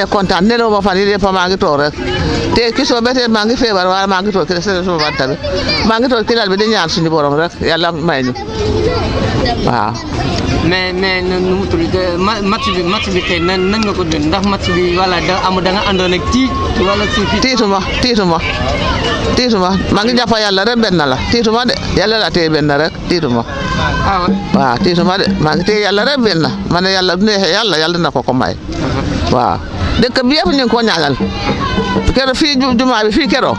Eh, kontaan nelaw ma fan yi yëpp maa ngi toog rek te ki maa ngi feebar waaye maa ngi toog ki bi maa ngi toog ki lal bi di ñaan suñu borom rek yàlla may ñu waaw. mais mais nu mu tudd match bi ko dund ndax match bi wala da am da nga àndoon ak tiit wala si. tiituma tiituma tiituma maa ngi jàpp yàlla rek benn la tiituma de yàlla la tey benn rek tiituma. Ah, waaw tiituma de maa ngi tey yàlla rek benn ma ne yàlla bu neexee yàlla yàlla na ko ko may. waaw dëkk kan? ya, kan? kan? bi yëpp ñu ngi ko ñaanal kero fii jumaa bi fii kero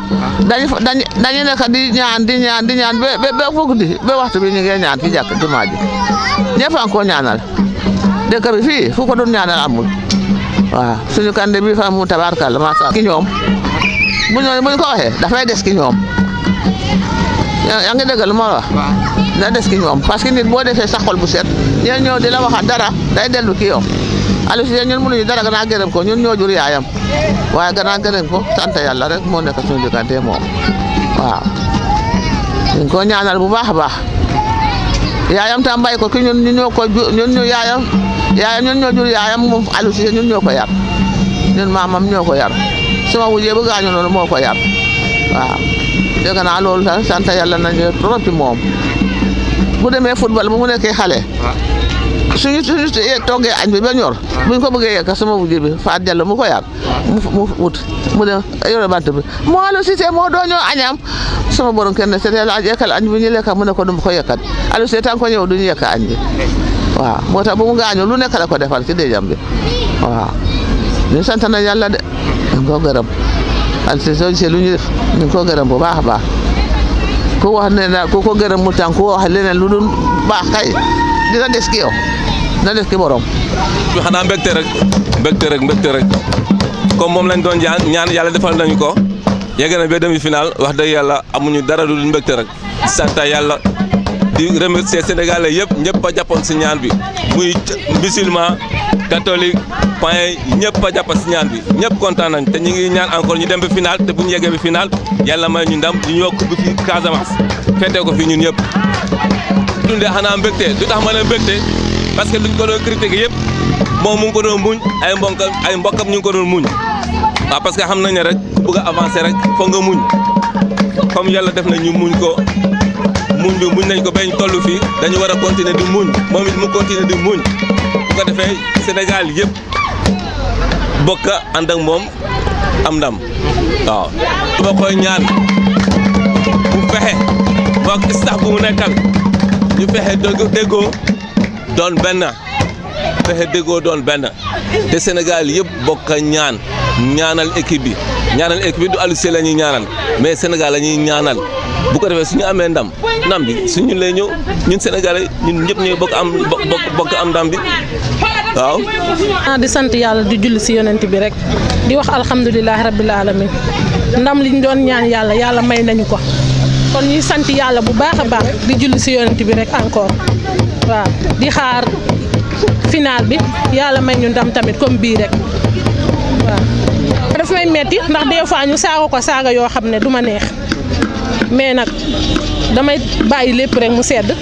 dañu dañu dañu nekk di ñaan di ñaan di ñaan ba ba ba guddi ba waxtu bi ñu ngi ñaan fi jàkk jumaa ji ñëpp a ngi ko ñaanal dëkk bi fii fu ko doon ñaanal amul waaw suñu kande bi fa mu tabarkal macha allah ki ñoom bu ñu buñ ko waxee dafay des ki ñoom yaa ngi dëgg lu ma wax na des ki ñoom parce que nit boo defee sa xol bu set ñoo ñëw di la waxaat dara day dellu ki yoom Aliou Cissé ñun mënuñu dara gannaaw gërëm ko ñun ñoo jur yaayam waaye gannaaw gërëm ko sant yàlla rek moo nekk suñu diggante moom waaw ñu ko ñaanal bu baax a baax yaayam tam bàyyi ko ki ñun ñoo ko ñun ñu yaayam yaayam ñun ñoo jur yaayam moom Aliou Cissé ñun ñoo ko yar ñun maamam ñoo ko yar sama wujjee bu gaañu noonu moo ko yar waaw dégg naa loolu sax sant yàlla nañu trop ci moom bu demee football bu mu nekkee xale suñu suñu eh, toggee añ bi ba ñor ñu ko bëggee yekk sama wujj bi Faat Jallo mu ko yàgg mu wut mu dem yore bant bi moo Aliou Cissé moo dooñoo añam sama borom kenn c'était la yekkal añ bi ñu lekka mu ne ko du ko yekkat Aliou Cissé tan ko ñëw duñu yekk añ bi waaw moo tax bu mu lu nekk la ko defal ci déjam bi waaw ñu sant na yàlla de ñu ko gërëm Aliou Cissé lu ñu def ñu ko gërëm bu baax a baax ku wax ne na ku ko gërëm mu tànk ku wax leneen lu dul baax kay dina des ki yow na def ki borom xana mbekté rek mbekté rek mbekté rek comme mom lañ doon ñaan yalla defal nañu ko yegg be demi final wax dëgg yalla amuñu dara du mbekté rek santa yalla di remercier sénégalais yépp ñepp a japon ci ñaan bi muy musulman catholique païen ñepp a japp ci ñaan bi ñepp content nañ té ñi ngi ñaan encore ñu dem ba final té bu ñu yeggee bi final yalla may ñu ndam ñu yokk bu fi Casamance fété ko fi ñun ñepp dundé xana mbekté du tax ma ne mbégte parce que luñ ko doon critiquer yëpp moom mu ngi ko doon muñ ay mbokkam ñu ngi ko doon muñ waaw parce que xam nañ rek ku bëgg a avancer rek foog nga muñ comme yàlla def na ñu muñ ko muñ bi muñ nañ ko bañ toll fii dañu war a continuer di muñ moom it mu continuer di muñ bu ko defee Sénégal yëpp bokk ànd ak moom am ndam waaw. dama koy ñaan bu fexe moog staff bu mu nekkal ñu fexe déggoo. doon benn fexe déggoo doon benn te Sénégal yëpp bokk ñaan ñaanal équipe bi ñaanal équipe bi du Aliou Cissé la ñuy ñaanal mais Sénégal la ñuy ñaanal bu ko defee ñu amee ndam ndam bi su ñu lay ñëw ñun Sénégalais ñun ñëpp ñuy bokk am bokk am ndam bi waaw. Ah, di sant yàlla di julli si yonent bi rek di wax alhamdulilah rabbil alamin ndam li liñ doon ñaan yàlla yàlla may nañu ko. kon ñuy sant yàlla bu baax a baax di julli si yonent bi rek encore waaw di xaar final bi yàlla may ñu ndam tamit comme bii rek waaw. daf may metti ndax des fois ñu saaga ko saaga yoo xam ne duma neex mais nag damay bàyyi lépp rek mu sedd.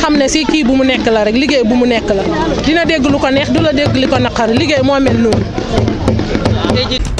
xam ne si kii bu mu nekk la rek liggéey bu mu nekk la dina dégg lu ko neex du la dégg li ko naqar liggéey moo mel noonu